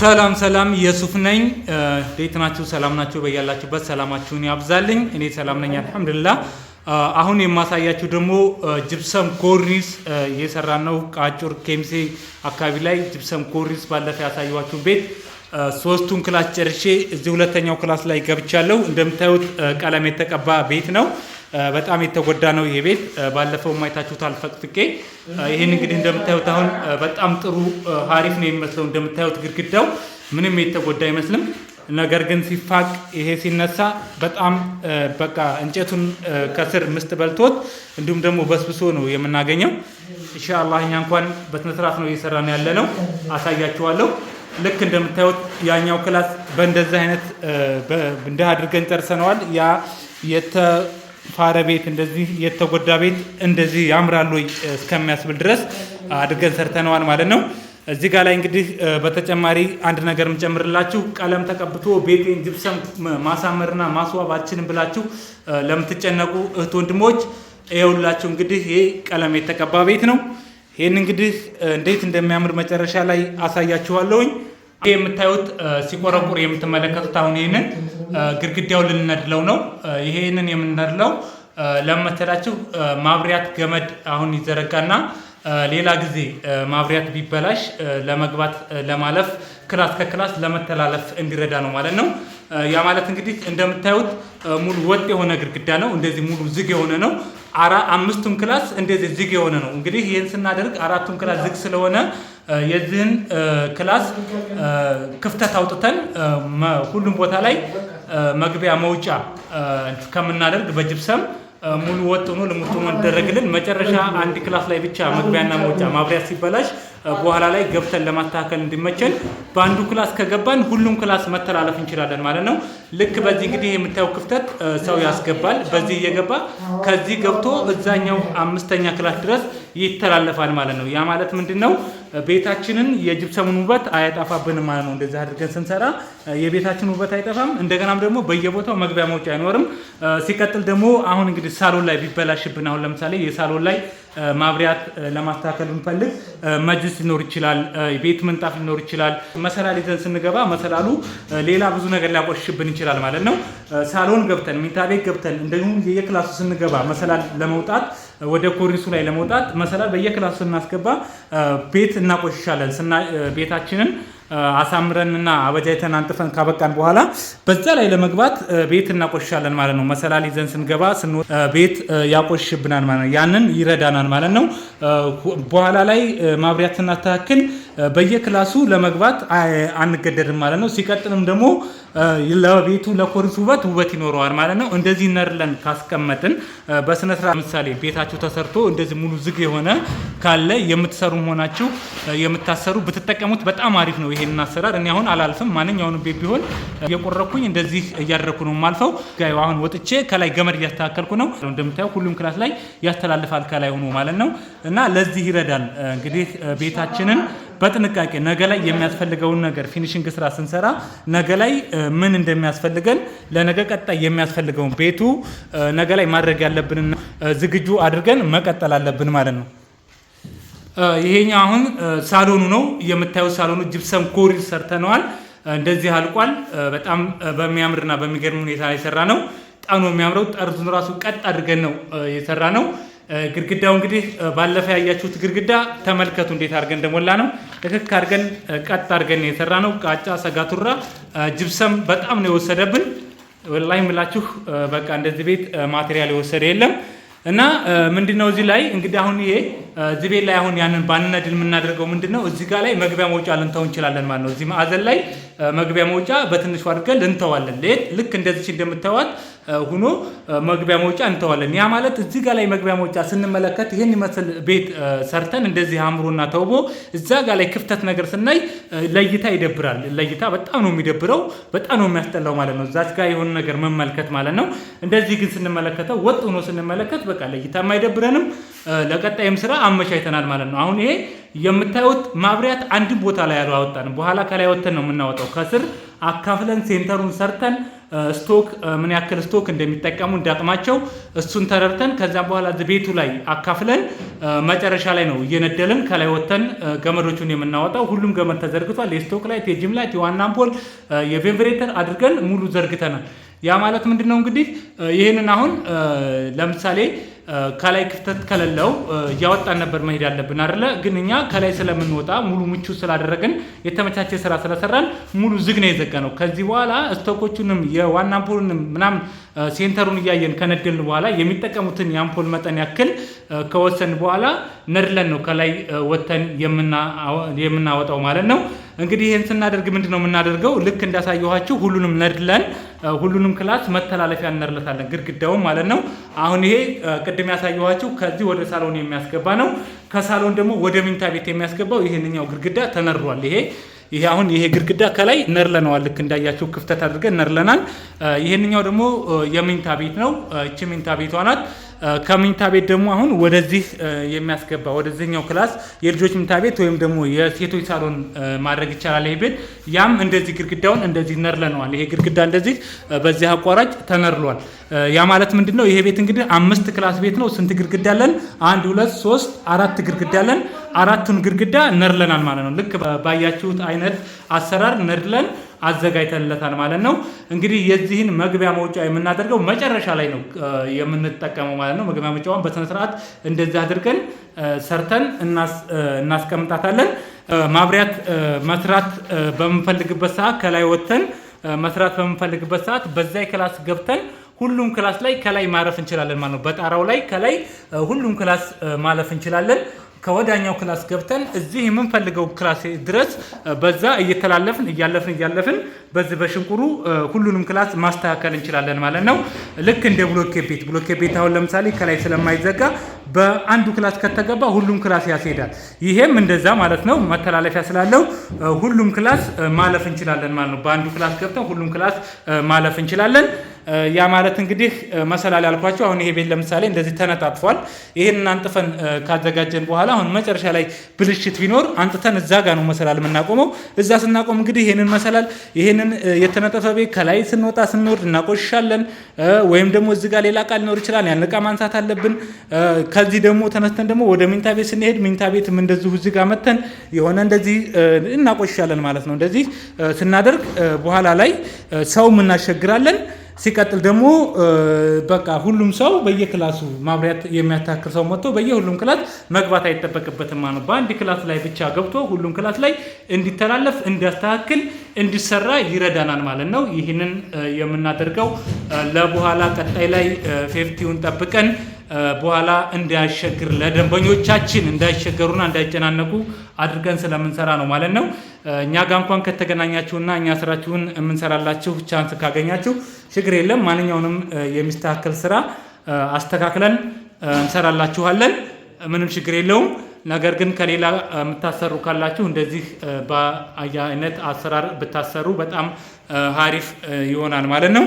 ሰላም ሰላም፣ የሱፍ ነኝ። እንዴት ናችሁ? ሰላም ናችሁ? በያላችሁበት ሰላማችሁን ያብዛልኝ። እኔ ሰላም ነኝ፣ አልሐምዱሊላህ። አሁን የማሳያችሁ ደግሞ ጅብሰም ኮርኒስ እየሰራ ነው። ቃጩር ኬምሴ አካባቢ ላይ ጅብሰም ኮርኒስ ባለፈ ያሳየኋችሁ ቤት ሶስቱን ክላስ ጨርሼ እዚህ ሁለተኛው ክላስ ላይ ገብቻለሁ። እንደምታዩት ቀለም የተቀባ ቤት ነው። በጣም የተጎዳ ነው ይሄ ቤት። ባለፈው ማየታችሁታል ፈቅፍቄ። ይህን እንግዲህ እንደምታዩት አሁን በጣም ጥሩ ሀሪፍ ነው የሚመስለው። እንደምታዩት ግድግዳው ምንም የተጎዳ አይመስልም። ነገር ግን ሲፋቅ ይሄ ሲነሳ በጣም በቃ እንጨቱን ከስር ምስጥ በልቶት እንዲሁም ደግሞ በስብሶ ነው የምናገኘው። ኢንሻአላህ እኛ እንኳን በስነስርዓት ነው እየሰራ ነው ያለ ነው። አሳያችኋለሁ። ልክ እንደምታዩት ያኛው ክላስ በእንደዚህ አይነት እንዲህ አድርገን ጨርሰነዋል። ያ ፋረ ቤት እንደዚህ የተጎዳ ቤት እንደዚህ ያምራሉ እስከሚያስብል ድረስ አድርገን ሰርተነዋል ማለት ነው። እዚህ ጋር ላይ እንግዲህ በተጨማሪ አንድ ነገር የምጨምርላችሁ ቀለም ተቀብቶ ቤቴን ጅብሰም ማሳመርና ማስዋብ አልችልም ብላችሁ ለምትጨነቁ እህት ወንድሞች ይኸውላችሁ እንግዲህ ይህ ቀለም የተቀባ ቤት ነው። ይህን እንግዲህ እንዴት እንደሚያምር መጨረሻ ላይ አሳያችኋለሁኝ። ይህ የምታዩት ሲቆረቁር የምትመለከቱት አሁን ይህንን ግድግዳው ልንነድለው ነው። ይሄንን የምንነድለው ለመሰላችሁ ማብሪያት ገመድ አሁን ይዘረጋና ሌላ ጊዜ ማብሪያት ቢበላሽ ለመግባት ለማለፍ ክላስ ከክላስ ለመተላለፍ እንዲረዳ ነው ማለት ነው። ያ ማለት እንግዲህ እንደምታዩት ሙሉ ወጥ የሆነ ግድግዳ ነው። እንደዚህ ሙሉ ዝግ የሆነ ነው። አምስቱም ክላስ እንደዚህ ዝግ የሆነ ነው። እንግዲህ ይህን ስናደርግ አራቱም ክላስ ዝግ ስለሆነ የዚህን ክላስ ክፍተት አውጥተን ሁሉም ቦታ ላይ መግቢያ መውጫ ከምናደርግ በጅብሰም ሙሉ ወጥ ሆኖ ልሙጥ እንደረግልን መጨረሻ አንድ ክላስ ላይ ብቻ መግቢያና መውጫ ማብሪያ ሲበላሽ በኋላ ላይ ገብተን ለማስተካከል እንዲመቸን በአንዱ ክላስ ከገባን ሁሉም ክላስ መተላለፍ እንችላለን ማለት ነው። ልክ በዚህ እንግዲህ የምታየው ክፍተት ሰው ያስገባል። በዚህ እየገባ ከዚህ ገብቶ እዛኛው አምስተኛ ክላስ ድረስ ይተላለፋል ማለት ነው። ያ ማለት ምንድን ነው? ቤታችንን የጅብሰሙን ውበት አያጠፋብንም ማለት ነው። እንደዚህ አድርገን ስንሰራ የቤታችን ውበት አይጠፋም። እንደገናም ደግሞ በየቦታው መግቢያ መውጫ አይኖርም። ሲቀጥል ደግሞ አሁን እንግዲህ ሳሎን ላይ ቢበላሽብን አሁን ለምሳሌ የሳሎን ላይ ማብሪያት ለማስተካከል ብንፈልግ መጅስ ሊኖር ይችላል፣ ቤት ምንጣፍ ሊኖር ይችላል። መሰላል ይዘን ስንገባ መሰላሉ ሌላ ብዙ ነገር ሊያቆሽሽብን ይችላል ማለት ነው። ሳሎን ገብተን ሚንታ ቤት ገብተን እንዲሁም የየክላሱ ስንገባ መሰላል ለመውጣት ወደ ኮሪሱ ላይ ለመውጣት መሰላል በየክላሱ ስናስገባ ቤት እናቆሽሻለን ቤታችንን አሳምረንና አበጃጅተን አንጥፈን ካበቃን በኋላ በዛ ላይ ለመግባት ቤት እናቆሻለን ማለት ነው። መሰላል ይዘን ስንገባ ቤት ያቆሽብናል ማለት ነው። ያንን ይረዳናል ማለት ነው። በኋላ ላይ ማብሪያት ስናስተካክል በየክላሱ ለመግባት አንገደድም ማለት ነው። ሲቀጥልም ደግሞ ለቤቱ ለኮርኒሱ ውበት ውበት ይኖረዋል ማለት ነው። እንደዚህ ነርለን ካስቀመጥን በስነስርዓት ለምሳሌ ቤታችሁ ተሰርቶ እንደዚህ ሙሉ ዝግ የሆነ ካለ የምትሰሩ መሆናችሁ የምታሰሩ ብትጠቀሙት በጣም አሪፍ ነው። ይሄንን አሰራር እኔ አሁን አላልፍም። ማንኛውንም ቤት ቢሆን እየቆረኩኝ እንደዚህ እያደረኩ ነው ማልፈው። አሁን ወጥቼ ከላይ ገመድ እያስተካከልኩ ነው። እንደምታየው ሁሉም ክላስ ላይ ያስተላልፋል ከላይ ሆኖ ማለት ነው እና ለዚህ ይረዳል እንግዲህ ቤታችንን በጥንቃቄ ነገ ላይ የሚያስፈልገውን ነገር ፊኒሽንግ ስራ ስንሰራ ነገ ላይ ምን እንደሚያስፈልገን ለነገ ቀጣይ የሚያስፈልገውን ቤቱ ነገ ላይ ማድረግ ያለብን ዝግጁ አድርገን መቀጠል አለብን ማለት ነው። ይሄኛው አሁን ሳሎኑ ነው የምታዩት። ሳሎኑ ጅብሰም ኮሪል ሰርተነዋል። እንደዚህ አልቋል። በጣም በሚያምርና በሚገርም ሁኔታ የሰራ ነው። ጣኑ የሚያምረው። ጠርዙን ራሱ ቀጥ አድርገን ነው የሰራ ነው። ግድግዳው እንግዲህ ባለፈ ያያችሁት ግድግዳ ተመልከቱ እንዴት አድርገን እንደሞላ ነው። ልክክ አድርገን ቀጥ አድርገን የሰራ ነው። ቃጫ ሰጋቱራ ጅብሰም በጣም ነው የወሰደብን። ወላሂ ምላችሁ በቃ እንደዚህ ቤት ማቴሪያል የወሰደ የለም እና ምንድነው እዚህ ላይ እንግዲህ አሁን ይሄ እዚህ ላይ አሁን ያንን ድል የምናደርገው ምንድን ነው? እዚህ ጋር ላይ መግቢያ መውጫ ልንተው እንችላለን ማለት ነው። እዚህ ማዕዘን ላይ መግቢያ መውጫ በትንሹ አድርገን ልንተዋለን። ልክ እንደዚች እንደምታዩት ሁኖ መግቢያ መውጫ እንተዋለን። ያ ማለት እዚህ ጋር ላይ መግቢያ መውጫ ስንመለከት ይህን ይመስል ቤት ሰርተን እንደዚህ አምሮና ተውቦ እዛ ጋር ላይ ክፍተት ነገር ስናይ ለእይታ ይደብራል። ለእይታ በጣም ነው የሚደብረው፣ በጣም ነው የሚያስጠላው ማለት ነው። እዛች ጋር የሆነ ነገር መመልከት ማለት ነው። እንደዚህ ግን ስንመለከተው ወጥ ሆኖ ስንመለከት በቃ ለይታ አይደብረንም። ለቀጣይም ስራ አመቻችተናል ማለት ነው። አሁን ይሄ የምታዩት ማብሪያት አንድም ቦታ ላይ አላወጣንም። በኋላ ከላይ ወተን ነው የምናወጣው። ከስር አካፍለን ሴንተሩን ሰርተን ስቶክ ምን ያክል ስቶክ እንደሚጠቀሙ እንዳቅማቸው እሱን ተረድተን ከዛ በኋላ ቤቱ ላይ አካፍለን መጨረሻ ላይ ነው እየነደልን ከላይ ወተን ገመዶቹን የምናወጣው። ሁሉም ገመድ ተዘርግቷል። የስቶክ ላይት፣ የጅም ላይት፣ የዋና አምፖል፣ የቬንቨሬተር አድርገን ሙሉ ዘርግተናል። ያ ማለት ምንድን ነው እንግዲህ ይህንን አሁን ለምሳሌ ከላይ ክፍተት ከሌለው እያወጣን ነበር መሄድ አለብን አይደለ? ግን እኛ ከላይ ስለምንወጣ ሙሉ ምቹ ስላደረግን የተመቻቸ ስራ ስለሰራን ሙሉ ዝግ ነው የዘጋ ነው። ከዚህ በኋላ ስቶኮቹንም የዋና አምፖሉንም ምናምን ሴንተሩን እያየን ከነደልን በኋላ የሚጠቀሙትን የአምፖል መጠን ያክል ከወሰን በኋላ ነድለን ነው ከላይ ወተን የምናወጣው ማለት ነው። እንግዲህ ይህን ስናደርግ ምንድን ነው የምናደርገው? ልክ እንዳሳየኋችሁ ሁሉንም ነድለን ሁሉንም ክላስ መተላለፊያ እነርለታለን፣ ግድግዳውን ማለት ነው። አሁን ይሄ ቅድም ያሳየኋችሁ ከዚህ ወደ ሳሎን የሚያስገባ ነው። ከሳሎን ደግሞ ወደ ሚንታ ቤት የሚያስገባው ይህንኛው ግድግዳ ተነሯል ይሄ ይሄ አሁን ይሄ ግድግዳ ከላይ ነርለነዋል። ልክ እንዳያችሁ ክፍተት አድርገን ነርለናል። ይህንኛው ደግሞ የሚንታ ቤት ነው። እቺ ሚንታ ቤቷ ናት። ከምኝታ ቤት ደግሞ አሁን ወደዚህ የሚያስገባ ወደዚህኛው ክላስ የልጆች ምኝታ ቤት ወይም ደግሞ የሴቶች ሳሎን ማድረግ ይቻላል። ይሄ ቤት ያም እንደዚህ ግድግዳውን እንደዚህ ነርለነዋል። ይሄ ግድግዳ እንደዚህ በዚህ አቋራጭ ተነርሏል። ያ ማለት ምንድን ነው? ይሄ ቤት እንግዲህ አምስት ክላስ ቤት ነው። ስንት ግድግዳ አለን? አንድ፣ ሁለት፣ ሶስት፣ አራት ግድግዳ አለን። አራቱን ግድግዳ ነርለናል ማለት ነው። ልክ ባያችሁት አይነት አሰራር ነርለን? አዘጋጅተንለታል ማለት ነው። እንግዲህ የዚህን መግቢያ መውጫ የምናደርገው መጨረሻ ላይ ነው የምንጠቀመው ማለት ነው። መግቢያ መውጫውን በስነስርዓት እንደዚህ አድርገን ሰርተን እናስቀምጣታለን። ማብሪያት መስራት በምንፈልግበት ሰዓት ከላይ ወጥተን መስራት በምንፈልግበት ሰዓት በዛ ክላስ ገብተን ሁሉም ክላስ ላይ ከላይ ማረፍ እንችላለን ማለት ነው። በጣራው ላይ ከላይ ሁሉም ክላስ ማለፍ እንችላለን። ከወዳኛው ክላስ ገብተን እዚህ የምንፈልገው ክላስ ድረስ በዛ እየተላለፍን እያለፍን እያለፍን በዚህ በሽንቁሩ ሁሉንም ክላስ ማስተካከል እንችላለን ማለት ነው። ልክ እንደ ብሎኬ ቤት ብሎኬ ቤት አሁን ለምሳሌ ከላይ ስለማይዘጋ በአንዱ ክላስ ከተገባ ሁሉም ክላስ ያስሄዳል። ይሄም እንደዛ ማለት ነው። መተላለፊያ ስላለው ሁሉም ክላስ ማለፍ እንችላለን ማለት ነው። በአንዱ ክላስ ገብተን ሁሉም ክላስ ማለፍ እንችላለን። ያ ማለት እንግዲህ መሰላል ያልኳቸው አሁን ይሄ ቤት ለምሳሌ እንደዚህ ተነጣጥፏል። ይህንን አንጥፈን ካዘጋጀን በኋላ አሁን መጨረሻ ላይ ብልሽት ቢኖር አንጥተን እዛ ጋ ነው መሰላል የምናቆመው። እዛ ስናቆም እንግዲህ ይህንን መሰላል ይህንን የተነጠፈ ቤት ከላይ ስንወጣ ስንወርድ እናቆሽሻለን። ወይም ደግሞ እዚህ ጋ ሌላ እቃ ሊኖር ይችላል። ያን እቃ ማንሳት አለብን። ከዚህ ደግሞ ተነስተን ደግሞ ወደ ሚንታ ቤት ስንሄድ ሚንታ ቤትም እንደዚሁ እዚህ ጋር መተን የሆነ እንደዚህ እናቆሻለን ማለት ነው። እንደዚህ ስናደርግ በኋላ ላይ ሰውም እናሸግራለን። ሲቀጥል ደግሞ በቃ ሁሉም ሰው በየክላሱ ማብሪያት የሚያታክል ሰው መጥቶ በየሁሉም ክላስ መግባት አይጠበቅበትም ማለት በአንድ ክላስ ላይ ብቻ ገብቶ ሁሉም ክላስ ላይ እንዲተላለፍ፣ እንዲያስተካክል፣ እንዲሰራ ይረዳናል ማለት ነው። ይህንን የምናደርገው ለበኋላ ቀጣይ ላይ ፌፍቲውን ጠብቀን በኋላ እንዳያሸግር ለደንበኞቻችን እንዳይሸገሩና እንዳይጨናነቁ አድርገን ስለምንሰራ ነው ማለት ነው። እኛ ጋር እንኳን ከተገናኛችሁና እኛ ስራችሁን የምንሰራላችሁ ቻንስ ካገኛችሁ ችግር የለም። ማንኛውንም የሚስተካከል ስራ አስተካክለን እንሰራላችኋለን። ምንም ችግር የለውም። ነገር ግን ከሌላ የምታሰሩ ካላችሁ እንደዚህ በአያ አይነት አሰራር ብታሰሩ በጣም ሀሪፍ ይሆናል ማለት ነው።